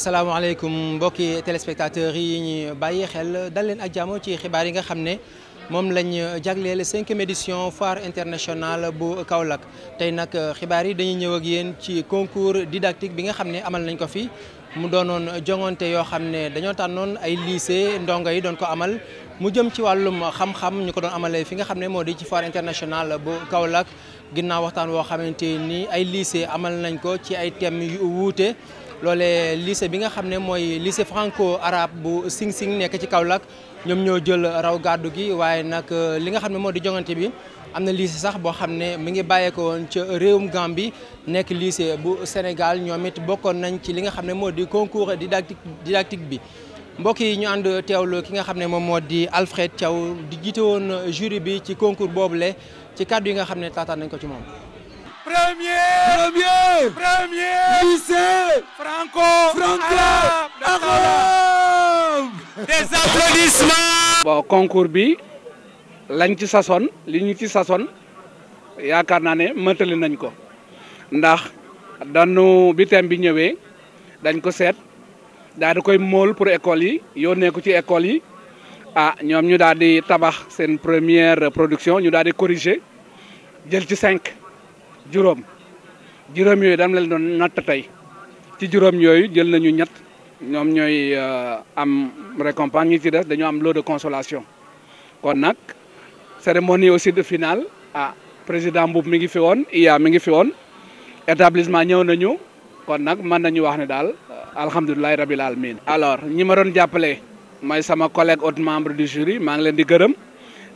asalaamaaleykum mbokki téléspectateurs yi ñu bàyyi xel dal leen ak jàmm ci xibaar yi nga xam ne moom lañ jagleel cinquième édition foire internationale bu Kaolack tey nag xibaar yi dañuy ñëw ak yéen ci concours didactique bi nga xam ne amal nañ ko fi mu doonoon jongante yoo xam ne dañoo taan noon ay lycée ndongo yi doon ko amal mu jëm ci wàllum xam-xam ñu ko doon amalee fi nga xam ne moo di ci foire internationale bu Kaolack ginnaaw waxtaan woo xamante ni ay lycée amal nañ ko ci ay thèmes yu wuute. loolee lycée bi nga xam ne mooy lycée franco arabe bu Sing Sing nekk ci kaw lag ñoom ñoo jël raw gàddu gi waaye nag li nga xam ne moo di jongante bi am na lycée sax boo xam ne mi ngi bàyyeekoo ca réewum Gambie nekk lycée bu Sénégal ñoom it bokkoon nañ ci li nga xam ne moo di concours didactique didactique bi. mbokk yi ñu ànd teewlu ki nga xam ne moom moo di Alfred caw di jiite woon jury bi ci concours le ci kàddu yi nga xam ne taataan nañ ko ci moom. Premier. Premier. Premier. Lycée. Franco. Franco. concours bi lañ ci sasoon li ñu ci sasoon yaakaar naa ne mëtali nañ ko ndax danu bi thème bi ñëwee dañ ko seet daal di koy mool pour école yi yónnee ko ci école yi ah ñoom ñu daal di tabax seen première production ñu daal di corriger jël ci cinq. juróom juróom yooyu dam leen doon natt tey ci juróom yooyu jël nañu ñett ñoom ñooy euh, am récompense ñi ci des dañoo am lot de consolation kon nag cérémonie aussi de finale a ah, président Mboup mi ngi fi woon iya mi ngi fi woon établissement ñëw nañu kon nag mën nañu wax ne daal euh, alhamdulilah rabil alamin alors ñi ma doon jàppale mooy sama collègue autre membre du jury maa ngi leen di gërëm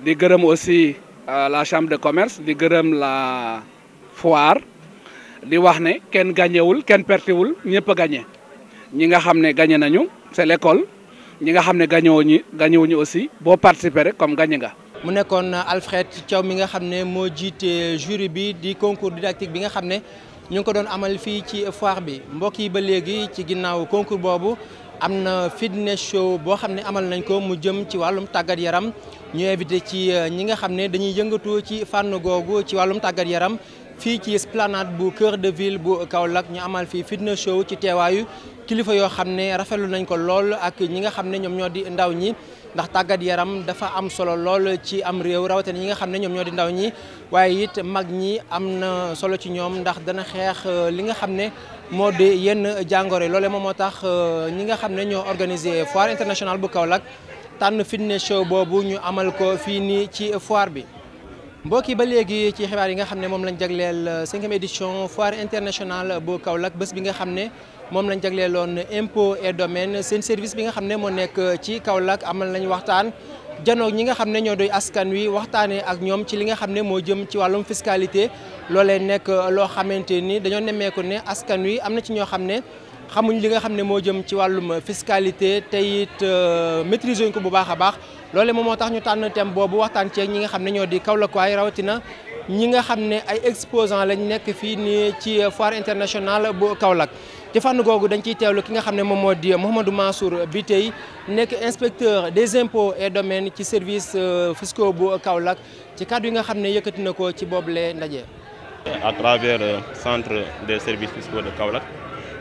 di gërëm aussi euh, la chambre de commerce di gërëm la foire di wax ne kenn gañewul kenn pertiwul ñëpp a gañe ñi nga xam ne gañe nañu se l'école ñi nga xam ne gañoo ñi gañewuñu aussi boo participer rek comme gañe nga mu nekkoon Alfred Thiaw mi nga xam ne moo jiite jury bi di concours didactique bi nga xam ne ñu ngi ko doon amal fii ci foire bi mbokk yi ba léegi ci ginnaaw concours boobu am na fitness show boo xam ne amal nañ ko mu jëm ci wàllum tàggat yaram ñu invité ci euh, ñi nga xam ne dañuy yëngatu ci fànn googu ci wàllum tàggat yaram fii ci esplanade bu kër de ville bu Kaolack ñu amal fii fitness show ci teewaayu kilifa yoo xam ne rafetlu nañ ko lool ak ñi nga xam ne ñoom ñoo di ndaw ñi. ndax tàggat yaram dafa am solo lool ci am réew rawatina ñi nga xam ne ñoom ñoo di ndaw ñi waaye it mag ñi am na solo ci ñoom ndax dana xeex euh, li nga xam ne moo di yenn jàngoro loole moom moo tax euh, ñi nga xam ne ñoo organisé foire internationale bu kaw Kaolack tànn fitness show boobu ñu amal ko fii nii ci foire bi. mbokk yi ba léegi ci xibaar yi nga xam ne moom lañ jagleel euh, cinquième édition foire internationale bo Kaolack bés bi nga xam ne moom lañ jagleeloon impôt et domaine seen service bi nga xam ne moo nekk euh, ci Kaolack amal nañ waxtaan janoog ñi nga xam ne ñoo doy askan wi waxtaanee ak ñoom ci li nga xam ne moo jëm ci wàllum fiscalité loolee nekk euh, loo xamante nii dañoo nemmeeku ne askan wi am na ci ñoo xam ne xamuñ li nga xam ne moo jëm ci wàllum fiscalité te it maîtriser ko bu baax a baax loole moom moo tax ñu tànn thème boobu waxtaan ceeg ñi nga xam ne ñoo di Kaolack waay rawatina ñi nga xam ne ay exposant lañ nekk fii nii ci foire internationale bu Kaolack ci fànn googu dañ ciy teewlu ki nga xam ne moom moo di Mouhamadou Mansour Biteye nekk inspecteur des impôts et domaines ci service euh, fiscaux bu Kaolack ci kàddu yi nga xam ne yëkkati na ko ci boobule ndaje. à travers euh, centre des service fiscaux de Kaolack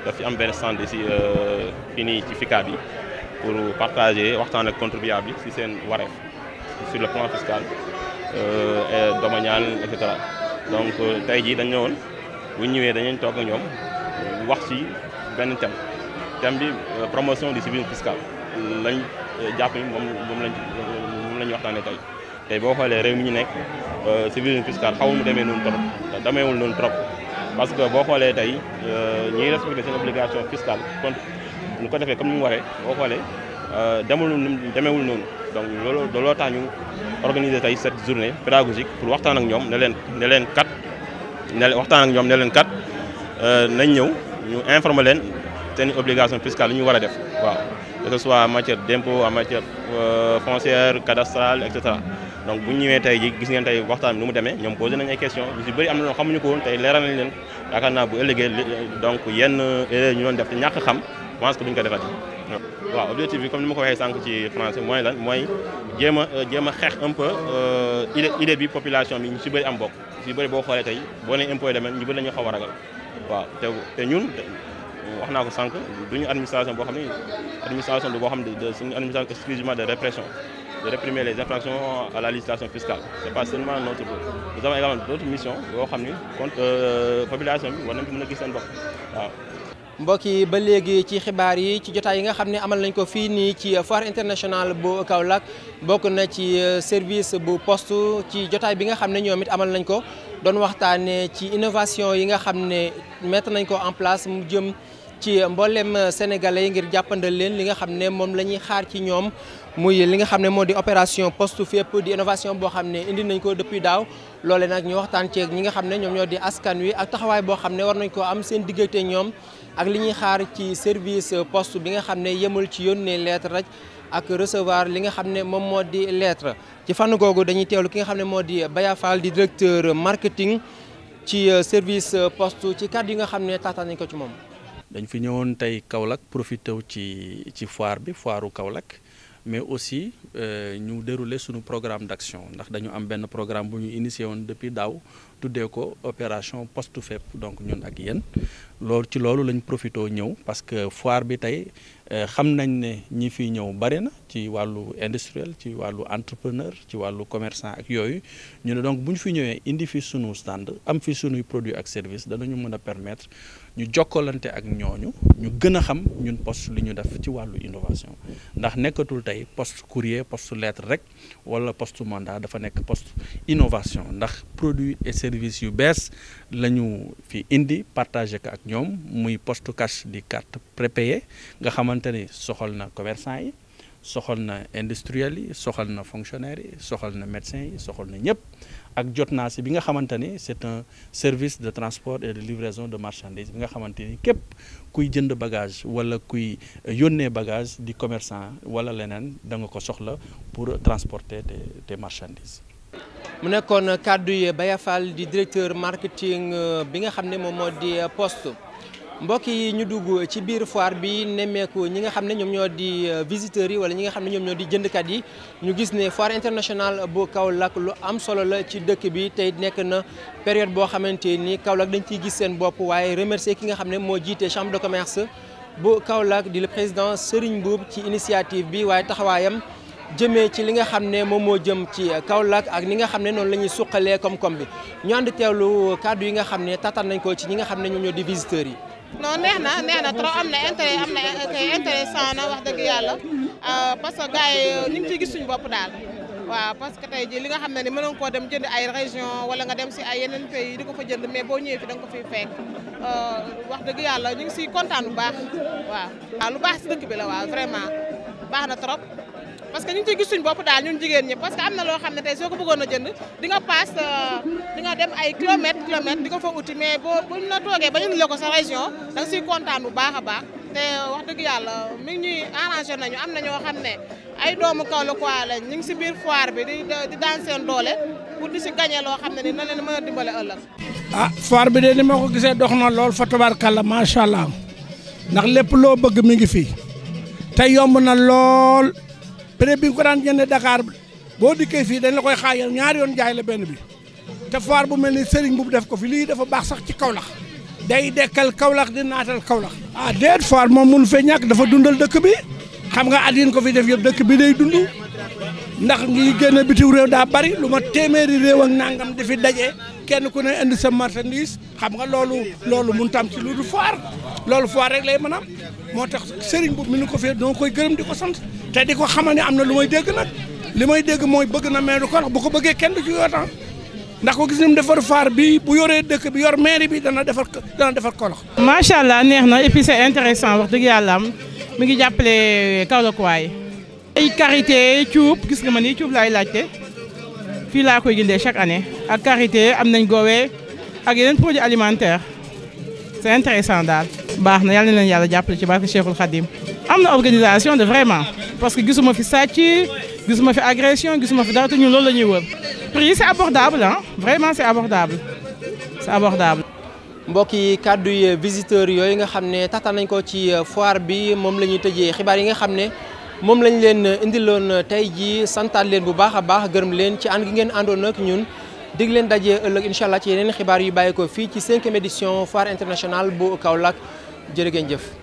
daf fi am benn centre si euh, fii ci FICA bi. pour partager waxtaan ak contribuable yi seen wareef sur le plan fiscal euh, et domanial et donc euh, tey jii dañ ne woon bu ñëwee dañuy toog ñoom euh, wax ci benn thème thème bi promotion du civisme fiscal lañ jàpp ni moom moom lañ moom la ñu waxtaanee tey tey boo xoolee réew mi ñu nekk si fiscal xaw mu demee noonu trop demeewul noonu trop parce que boo xoolee tey ñiy respecté seen obligation fiscale contre ñu ko defee comme ni mu waree boo xoolee euh, demul demeewul noonu donc loolu looloo tax ñu organiser tey cette journée pédagogique pour waxtaan ak ñoom ne leen leen kat ne waxtaan ak ne leen kat euh, nañ ñëw ñu informer leen seen obligation fiscale li ñu war a def waaw que ce soit en matière d'impôt en matière euh, foncière cadastrale et cetera donc bu ñëwee tey ji gis ngeen tey waxtaan bi nu mu demee ñoom posé na ay question ñu si bëri am na loo xamuñu ko woon tey leeral nañ leen donc yenn erreur ñu def ñàkk xam pense que duñ ko defati waaw objectif bi comme ni ma ko waxee sànq ci français mooy lan mooy jéem a euh, xeex un peu euh, bi population bi ñu si bëri am bokk si bëri boo xoolee tey boo nee impôt domaine ñu bëri dañu xaw a ragal waaw te te ñun wax naa ko sànq duñu administration boo xam ne administration du boo xam ne suñu administration exclusivement de répression de réprimer les infractions à la législation fiscale c'est pas seulement notre rôle nous avons mbokk yi ba léegi ci xibaar yi ci jotaay yi nga xam ne amal nañ ko fii nii ci foire internationale bu Kaolack bokk na ci euh, service bu poste ci jotaay bi nga xam ne ñoom it amal nañ ko doon waxtaanee ci innovation yi nga xam ne mettre nañ ko en place mu jëm ci mboolem yi ngir jàppandal leen li nga xam ne moom la ñuy xaar ci ñoom muy li nga xam ne moo di opération post fépp di innovation boo xam ne indi nañ ko depuis daaw. loole nag ñu waxtaan ceeg ñi nga xam ne ñoom ñoo di askan wi ak taxawaay boo xam ne war nañ koo am seen diggante ñoom ak li ñuy xaar ci service poste bi nga xam ne yemul ci yónnee lettre rek ak recevoir li nga xam ne moom moo di leetre ci fànn googu dañuy teelu ki nga xam ne moo di Baya Fall di directeur marketing ci euh, service euh, post ci kàddu yi nga xam ne taataan nañ ko ci moom. dañu fi ñëwoon tey Kaolack profité wu ci ci foire bi foiru Kaolack. mais aussi euh, ñu dérouler suñu programme d'action ndax dañu am benn programme bu ñu initié woon depuis daaw tuddee ko opération post fépp donc ñun ak yéen loolu ci loolu lañ profité ñëw parce que foire bi tey euh, xam nañ ne ñi fiy ñëw bare na ci wàllu industriel ci wàllu entrepreneur ci wàllu commerçant ak yooyu ñu ne donc bu ñu fi ñëwee indi fi sunu stand am fi sunuy produit ak service danañu mën a permettre ñu jokkalante ak ñooñu ñu gën a xam ñun post li ñu def ci wàllu innovation ndax nekkatul tey poste courrier poste lettre rek wala poste mandat dafa nekk poste service yu bees la ñu fi indi partagé ak ñoom muy poste cash di carte prépayée nga xamante ni soxal na commerçant yi soxal na industriel yi soxal na fonctionnaire soxal na médecin soxal na ñëpp ak jot naa si bi nga xamante ni c'est un service de transport et de livraison de marchandises bi nga xamante ni képp kuy jënd bagage wala kuy yónnee bagage di commerçant wala leneen da nga ko soxla pour transporter tes tes marchandises mu nekkoon kàddu yi Baya Fall di directeur marketing euh, bi nga xam ne moom moo di euh, poste mbokk yi ñu dugg ci biir foire bi nemmeeku ñi nga xam ne ñoom ñoo di euh, visiteurs yi wala ñi nga xam ne ñoom ñoo di jëndkat yi ñu gis ne foire internationale bu Kaolack lu am solo la ci dëkk bi tey nekk na période boo xamante ni Kaolack dañ ciy gis seen bopp waaye remercier ki nga xam ne moo jiite chambre de commerce bu Kaolack di le président Serigne Mboup ci initiative bi waaye taxawaayam. jëmee ci li nga xam ne moom moo jëm ci Kaolack ak ni nga xam ne noonu la ñuy suqalee koom bi ñu ànd teewlu kàddu yi nga xam ne tataan nañ ko ci ñi nga xam ne ñoom ñoo di visiteurs yi. non neex na neex na trop am na intérêt na wax dëgg yàlla euh, parce que gars yi ñu gis suñu bopp daal. waa parce que tey jii li nga xam ne ni mënoon koo dem jënd ay région wala nga dem si ay yeneen pays di ko fa jënd mais boo ñëwee fi da ko fiy fekk euh, wax dëgg yàlla ñu si siy kontaan bu baax waaw. bi la waaw vraiment baax na trop. parce que ñu ngi ciy bopp daal ñun jigéen ñi parce que am na loo xam ne tey soo ko bëggoon a jënd di nga paas euh, di dem ay kilomètres kilomètres di ko fa uti mais boo buñ la toogee ba ñu la sa région da nga kontaan bu baax a baax te wax dëgg yàlla mi ngi ñuy arrangé nañu am na ñoo xam ne ay doomu kaw la quoi lañ ñu ngi si biir foire bi di di daan seen doole pour di si gagné loo xam ne ni na leen mën a dimbale ëllëg. ah foire bi de ni ma ko gisee dox na lool fa tabarkàlla macha allah ndax lépp loo bëgg mi ngi fii pré bi ko daan jëndee Dakar boo dikkee fii dañ la koy xaajal ñaari yoon jaay la benn bi te foire bu mel ni Serigne bu def ko fi lii dafa baax sax ci kawlax day dekkal kawlax di naatal kawlax ah déet foire moom mënu fee ñàkk dafa dundal dëkk bi xam nga at yin ko fi def yëpp dëkk bi day dund ndax ngi génn bitim réew daa bari lu ma téeméeri réew ak nangam di fi daje kenn ku ne indi sa marchandise xam nga loolu loolu mun tam ci lu du foire loolu foire rek lay mën a am moo tax sëriñ bu mi nu ko fee doo koy gërëm di ko sant te di ko xamal am na lu may dégg nag li may dégg mooy bëgg na mais du ko bu ko bëggee kenn du ci yootaan ndax ko gis nañu defar faar bi bu yoree dëkk bi yor mairie bi dana defar dana defar Kaolack. macha allah neex na et puis c'est intéressant wax dëgg yàlla am mi ngi jàppalee jàppale Kaolack waay. ay karité cuub gis nga ma nii cuub laay laajte fii laa koy jëndee chaque année ak karité am nañ goowee. ak yeneen produit alimentaire c'est intéressant daal. baax na yàlla na leen yàlla jàppale ci barke Cheikhul Khadim am na organisation de vraiment parce que gisuma fi sàcc gisuma fi agression gisuma fi dara te ñun loolu la ñuy wër prix yi c'est abordable ah vraiment c'est abordable c'est abordable. mbokk yi kàddu visiteurs yooyu nga xam ne taxtaan nañ ko ci euh, foire bi moom la ñuy tëjee xibaar yi nga xam ne moom lañ leen indiloon euh, tey jii santaat leen bu baax a baax gërëm leen ci ànd ki ngeen àndoon ak ñun. dig leen daje ëllëg incha allah ci yeneen xibaar yu bàyyeekoo fii ci cinquième édition foire internationale bu Kaolack jërë ngeen jëf.